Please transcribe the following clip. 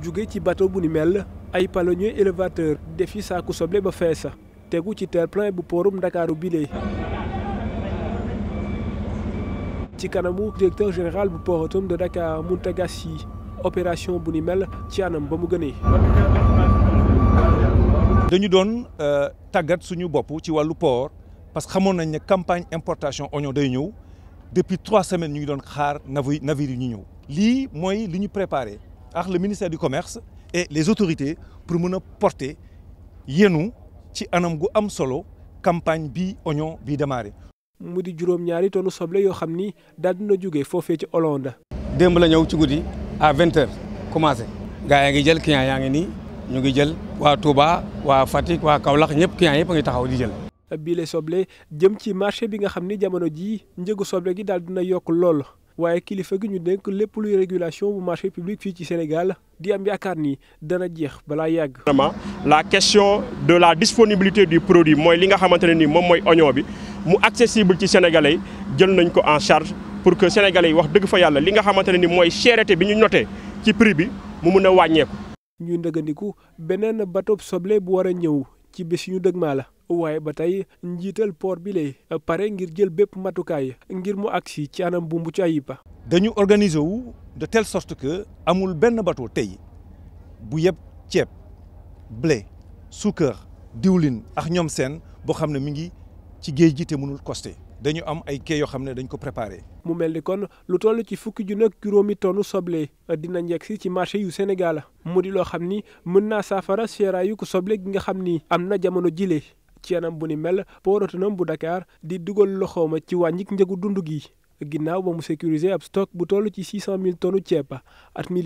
jóge ci bateau bu ni mel ay palonnier élévateur defi saaku soble ba fees tegu ci terre-plein bu poorum ndakaaru bile. ci kanamu directeur général bu port autonome de Dakar Mountaga Sy opération bu ni mel ci anam ba mu gënee. dañu doon euh, tàggat suñu bopp ci wàllu port parce que xamoon nañ ne campagne importation oignon day ñëw depuis trois semaines ñu ngi doon xaar navire ñu ñëw. lii mooy li ñu préparé. ak le ministère du commerce et les autorités pour mën a porter yenu ci anam gu am solo campagne bi oignon bi démarré. mu di juróom-ñaari tonu soble yoo xam ni daal dina jóge foofee ci Hollande. démb la ñëw ci guddi à vingt heures commencé. gaa yaa ngi jël client yaa ngi nii ñu ngi jël waa Touba waa Fatick waa Kaolack ñëpp client yëpp a ngi taxaw di jël. bii soble jëm ci marché bi nga xam ni jamono jii njëgu soble gi daal dina yokk lool. waaye kilifa gi ñu dénk lépp luy régulation bu marché public fii ci Sénégal di am yaakaar ni dana jeex balaa yàgg. vraiment la question de la disponibilité du produit mooy li nga xamante ne ni moom mooy oignon bi mu accessible ci sénégalais jël nañ ko en charge pour que sénégalais yi wax dëgg fa yàlla li nga xamante ne ni mooy cherté bi ñu noté ci prix bi mu mën a wàññeeku. ñuy ndëgëndiku beneen bateau soble bu war a ñëw ci bi suñu dëgg dëgmaa la. waaye ba tey njiital port bi lay pare ngir jël bépp matukaay ngir mu agsi ci anam bu mucc ayib. dañu organiser wu de telle sorte que amul benn bateau tey bu yeb ceeb blé suukar diwlin ak ñoom seen boo xam ne mu ngi ci géej gi te mënul costé dañu am ay quai yoo xam ne dañ ko préparé. mu mel ni kon lu toll ci fukki junni ak juróomi tonnu soble dina njëkk si ci marché yu Sénégal mu di loo xam ni mën naa saafara seeraayu ko soble gi nga xam ni am na jamono jile. ci bu ni mel port autonome bu Dakar di dugal loxooma ci wàññik njëgu dund gi ginnaaw ba mu sécuriser ab stock bu toll ci 600 000 tonnes ceeb at mi